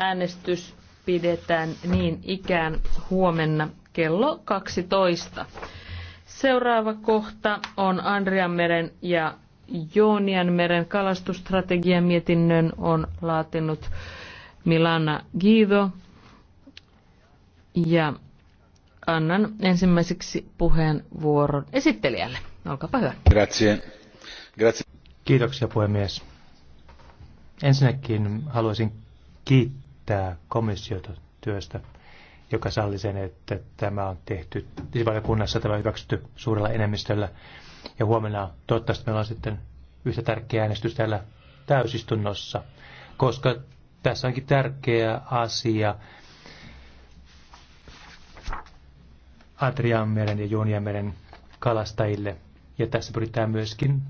Äänestys pidetään niin ikään huomenna kello 12. Seuraava kohta on Andrianmeren ja Joonianmeren kalastusstrategian mietinnön on laatinut Milana Guido Ja annan ensimmäiseksi puheenvuoron esittelijälle. Olkaapa hyvä. Grazie. Grazie. Kiitoksia puhemies. Ensinnäkin haluaisin kiittää kiittää komissiota työstä, joka salli sen, että tämä on tehty valiokunnassa, tämä on hyväksytty suurella enemmistöllä. Ja huomenna toivottavasti meillä on sitten yhtä tärkeä äänestys täällä täysistunnossa, koska tässä onkin tärkeä asia Adrianmeren ja Juniameren kalastajille. Ja tässä pyritään myöskin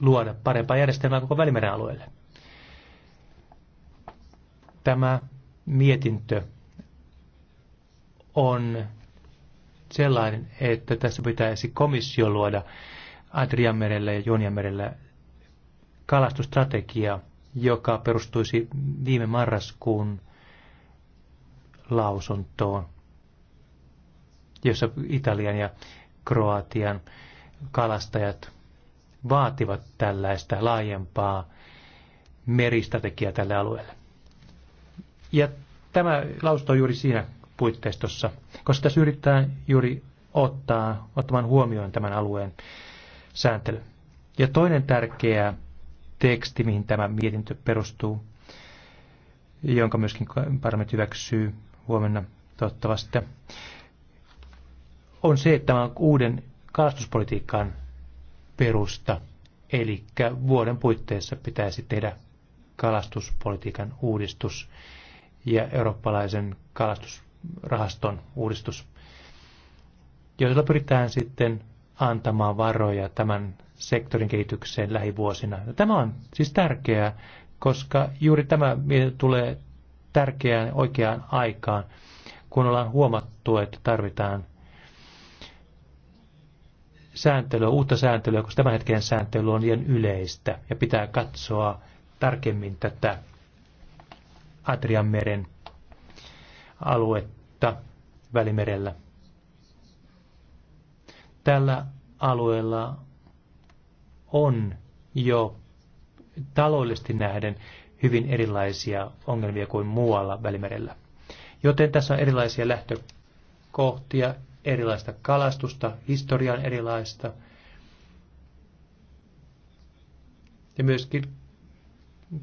luoda parempaa järjestelmää koko Välimeren alueelle. Tämä mietintö on sellainen, että tässä pitäisi komissio luoda Adrianmerellä ja Jonianmerellä kalastustrategia, joka perustuisi viime marraskuun lausuntoon, jossa Italian ja Kroatian kalastajat vaativat tällaista laajempaa meristrategiaa tälle alueelle. Ja tämä lausunto on juuri siinä puitteistossa, koska tässä yrittää juuri ottaa, ottamaan huomioon tämän alueen sääntely. Ja toinen tärkeä teksti, mihin tämä mietintö perustuu, jonka myöskin parlamentti hyväksyy huomenna toivottavasti, on se, että tämä on uuden kalastuspolitiikan perusta. Eli vuoden puitteissa pitäisi tehdä kalastuspolitiikan uudistus ja eurooppalaisen kalastusrahaston uudistus, joilla pyritään sitten antamaan varoja tämän sektorin kehitykseen lähivuosina. Tämä on siis tärkeää, koska juuri tämä tulee tärkeään oikeaan aikaan, kun ollaan huomattu, että tarvitaan sääntelyä, uutta sääntelyä, koska tämän hetken sääntely on liian yleistä ja pitää katsoa tarkemmin tätä Adrianmeren aluetta Välimerellä. Tällä alueella on jo taloudellisesti nähden hyvin erilaisia ongelmia kuin muualla Välimerellä. Joten tässä on erilaisia lähtökohtia, erilaista kalastusta, historian erilaista. Ja myöskin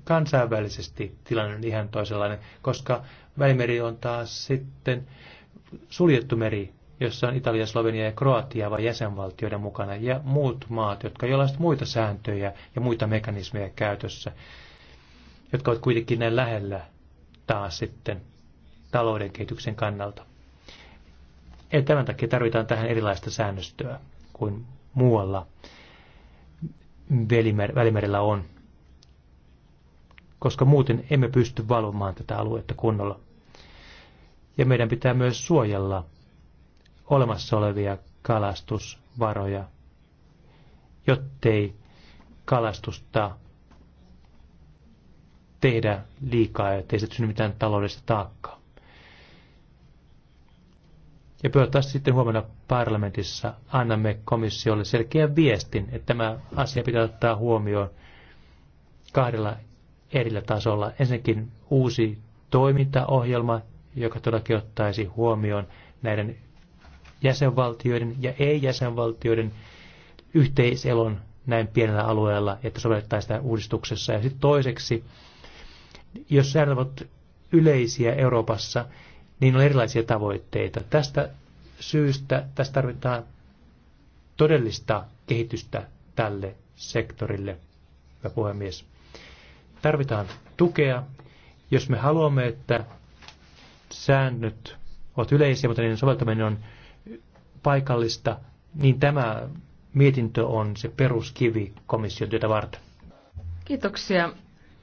kansainvälisesti tilanne on ihan toisenlainen, koska Välimeri on taas sitten suljettu meri, jossa on Italia, Slovenia ja Kroatia vai jäsenvaltioiden mukana ja muut maat, jotka jollain muita sääntöjä ja muita mekanismeja käytössä, jotka ovat kuitenkin näin lähellä taas sitten talouden kehityksen kannalta. Ja tämän takia tarvitaan tähän erilaista säännöstöä kuin muualla Välimerellä on koska muuten emme pysty valvomaan tätä aluetta kunnolla. Ja meidän pitää myös suojella olemassa olevia kalastusvaroja, jottei kalastusta tehdä liikaa, ettei se synny mitään taloudellista taakkaa. Ja toivottavasti sitten huomenna parlamentissa annamme komissiolle selkeän viestin, että tämä asia pitää ottaa huomioon kahdella erillä tasolla. Ensinnäkin uusi toimintaohjelma, joka todellakin ottaisi huomioon näiden jäsenvaltioiden ja ei-jäsenvaltioiden yhteiselon näin pienellä alueella, että sovellettaisiin sitä uudistuksessa. Ja sitten toiseksi, jos säännöt ovat yleisiä Euroopassa, niin on erilaisia tavoitteita. Tästä syystä tässä tarvitaan todellista kehitystä tälle sektorille, hyvä puhemies. Tarvitaan tukea, jos me haluamme, että säännöt ovat yleisiä, mutta niiden soveltaminen on paikallista, niin tämä mietintö on se peruskivi komission työtä varten. Kiitoksia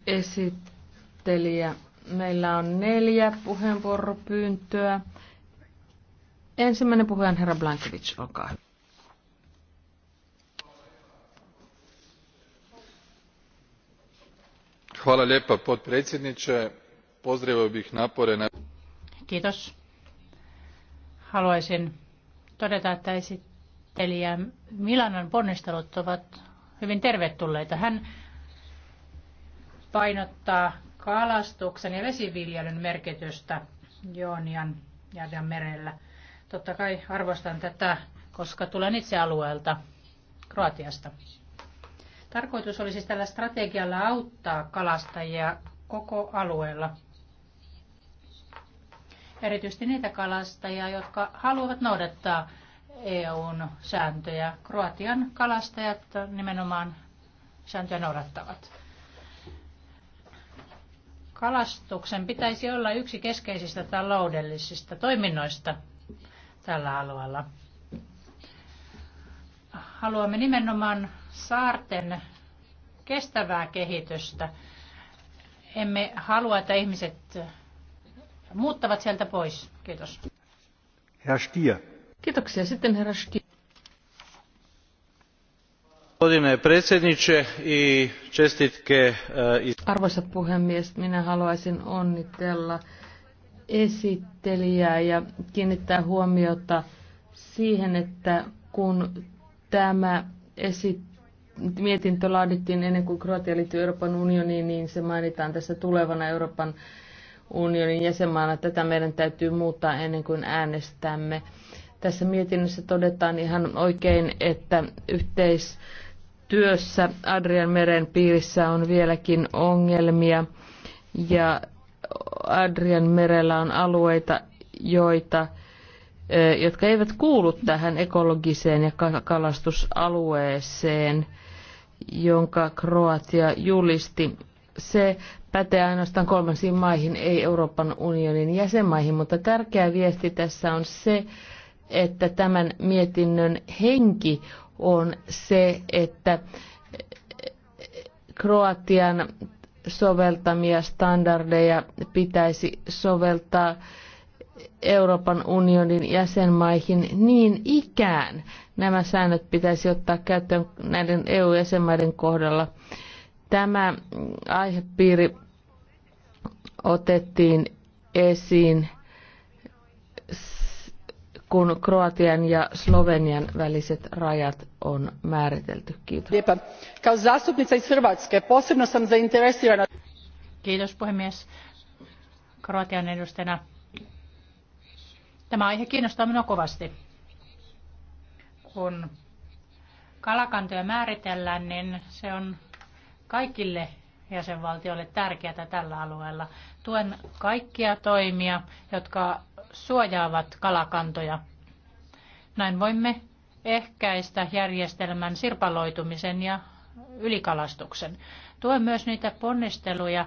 esittelijä. Meillä on neljä puheenvuoropyyntöä. Ensimmäinen puhuja on herra Blankovic, olkaa hyvä. pozdravio bih napore. Kiitos. Haluaisin todeta, että esittelijä Milanon ponnistelut ovat hyvin tervetulleita. Hän painottaa kalastuksen ja vesiviljelyn merkitystä Joonian ja merellä. Totta kai arvostan tätä, koska tulen itse alueelta Kroatiasta. Tarkoitus oli siis tällä strategialla auttaa kalastajia koko alueella. Erityisesti niitä kalastajia, jotka haluavat noudattaa EUn sääntöjä. Kroatian kalastajat nimenomaan sääntöjä noudattavat. Kalastuksen pitäisi olla yksi keskeisistä taloudellisista toiminnoista tällä alueella. Haluamme nimenomaan saarten kestävää kehitystä. Emme halua, että ihmiset muuttavat sieltä pois. Kiitos. Herra Stier. Kiitoksia. Sitten herra Stier. E, Arvoisa puhemies, minä haluaisin onnitella esittelijää ja kiinnittää huomiota siihen, että kun tämä esittely mietintö laadittiin ennen kuin Kroatia liittyi Euroopan unioniin, niin se mainitaan tässä tulevana Euroopan unionin jäsenmaana. Tätä meidän täytyy muuttaa ennen kuin äänestämme. Tässä mietinnössä todetaan ihan oikein, että yhteistyössä Adrian meren piirissä on vieläkin ongelmia ja Adrian merellä on alueita, joita eh, jotka eivät kuulu tähän ekologiseen ja kalastusalueeseen jonka Kroatia julisti. Se pätee ainoastaan kolmansiin maihin, ei Euroopan unionin jäsenmaihin, mutta tärkeä viesti tässä on se, että tämän mietinnön henki on se, että Kroatian soveltamia standardeja pitäisi soveltaa Euroopan unionin jäsenmaihin niin ikään. Nämä säännöt pitäisi ottaa käyttöön näiden EU-jäsenmaiden kohdalla. Tämä aihepiiri otettiin esiin, kun Kroatian ja Slovenian väliset rajat on määritelty. Kiitos. Kiitos puhemies. Kroatian edustajana. Tämä aihe kiinnostaa minua kovasti kun kalakantoja määritellään, niin se on kaikille jäsenvaltioille tärkeää tällä alueella. Tuen kaikkia toimia, jotka suojaavat kalakantoja. Näin voimme ehkäistä järjestelmän sirpaloitumisen ja ylikalastuksen. Tuen myös niitä ponnisteluja,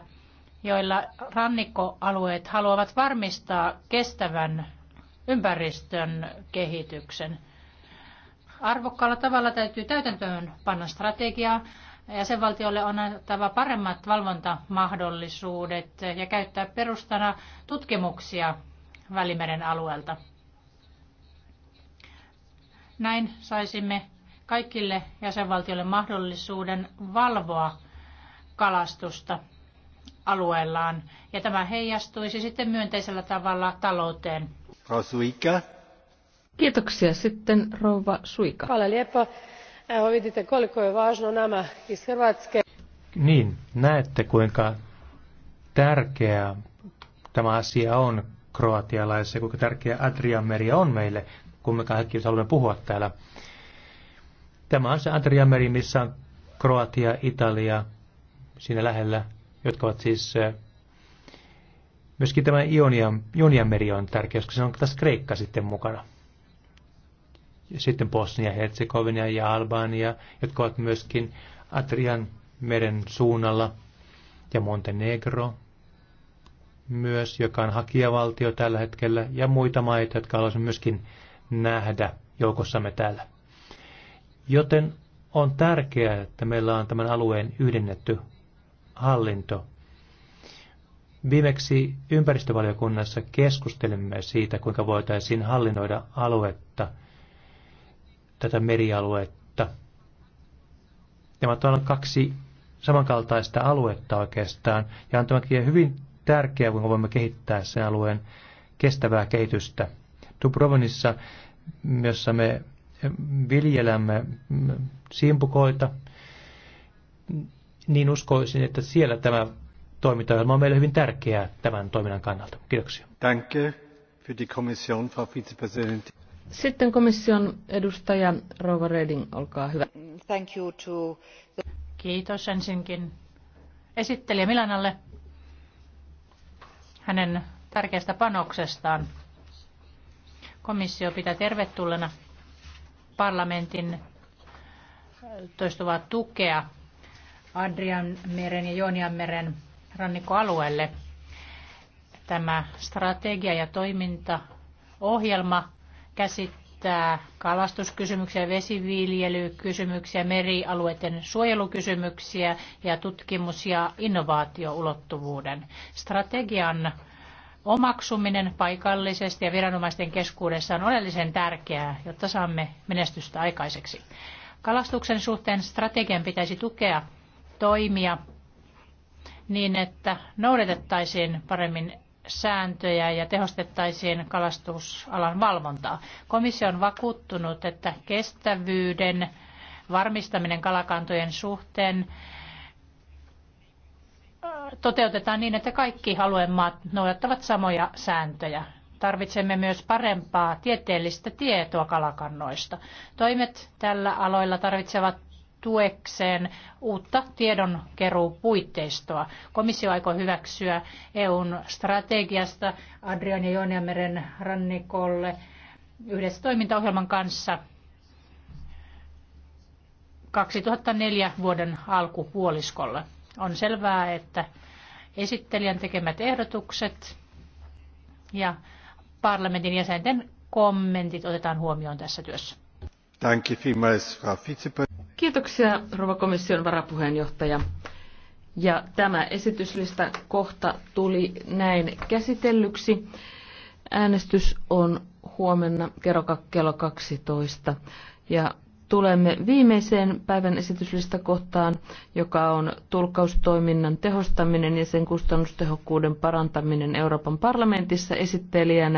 joilla rannikkoalueet haluavat varmistaa kestävän ympäristön kehityksen arvokkaalla tavalla täytyy täytäntöön panna strategiaa. Jäsenvaltiolle on annettava paremmat valvontamahdollisuudet ja käyttää perustana tutkimuksia Välimeren alueelta. Näin saisimme kaikille jäsenvaltioille mahdollisuuden valvoa kalastusta alueellaan, ja tämä heijastuisi sitten myönteisellä tavalla talouteen. Kiitoksia sitten rouva Suika. Hvala lijepo. Evo vidite koliko je važno nama iz Hrvatske. Niin, näette kuinka tärkeää tämä asia on kroatialaisille, kuinka tärkeä meri on meille, kun me kaikki haluamme puhua täällä. Tämä on se meri, missä on Kroatia, Italia siinä lähellä, jotka ovat siis eh, myöskin tämä Ionian, Ionian meri on tärkeä, koska se on tässä Kreikka sitten mukana sitten Bosnia, Herzegovina ja Albania, jotka ovat myöskin Atrian meren suunnalla, ja Montenegro myös, joka on hakijavaltio tällä hetkellä, ja muita maita, jotka haluaisin myöskin nähdä joukossamme täällä. Joten on tärkeää, että meillä on tämän alueen yhdennetty hallinto. Viimeksi ympäristövaliokunnassa keskustelimme siitä, kuinka voitaisiin hallinnoida aluetta – tätä merialuetta. Nämä ovat kaksi samankaltaista aluetta oikeastaan, ja on tämäkin hyvin tärkeää, kuinka voimme kehittää sen alueen kestävää kehitystä. Dubrovnissa, jossa me viljelämme simpukoita, niin uskoisin, että siellä tämä toimintaohjelma on meille hyvin tärkeää tämän toiminnan kannalta. Kiitoksia. Danke für die Kommission, Frau Vizepräsidentin. Sitten komission edustaja Rova Reding, olkaa hyvä. Thank you to the... Kiitos ensinkin esittelijä Milanalle hänen tärkeästä panoksestaan. Komissio pitää tervetulleena parlamentin toistuvaa tukea Adrianmeren ja meren rannikkoalueelle. Tämä strategia ja toiminta ohjelma käsittää kalastuskysymyksiä, vesiviljelykysymyksiä, merialueiden suojelukysymyksiä ja tutkimus- ja innovaatioulottuvuuden. Strategian omaksuminen paikallisesti ja viranomaisten keskuudessa on oleellisen tärkeää, jotta saamme menestystä aikaiseksi. Kalastuksen suhteen strategian pitäisi tukea toimia niin, että noudatettaisiin paremmin sääntöjä ja tehostettaisiin kalastusalan valvontaa. Komissio on vakuuttunut, että kestävyyden varmistaminen kalakantojen suhteen äh, toteutetaan niin, että kaikki alueen maat noudattavat samoja sääntöjä. Tarvitsemme myös parempaa tieteellistä tietoa kalakannoista. Toimet tällä aloilla tarvitsevat tuekseen uutta tiedonkeruupuitteistoa. Komissio aikoo hyväksyä EUn strategiasta Adrian ja Joniameren rannikolle yhdessä toimintaohjelman kanssa 2004 vuoden alkupuoliskolla. On selvää, että esittelijän tekemät ehdotukset ja parlamentin jäsenten kommentit otetaan huomioon tässä työssä. Danke vielmals, Frau Kiitoksia, Rova komission varapuheenjohtaja. Ja tämä esityslista kohta tuli näin käsitellyksi. Äänestys on huomenna kello 12. Ja tulemme viimeiseen päivän esityslistakohtaan, joka on tulkkaustoiminnan tehostaminen ja sen kustannustehokkuuden parantaminen Euroopan parlamentissa esittelijänä.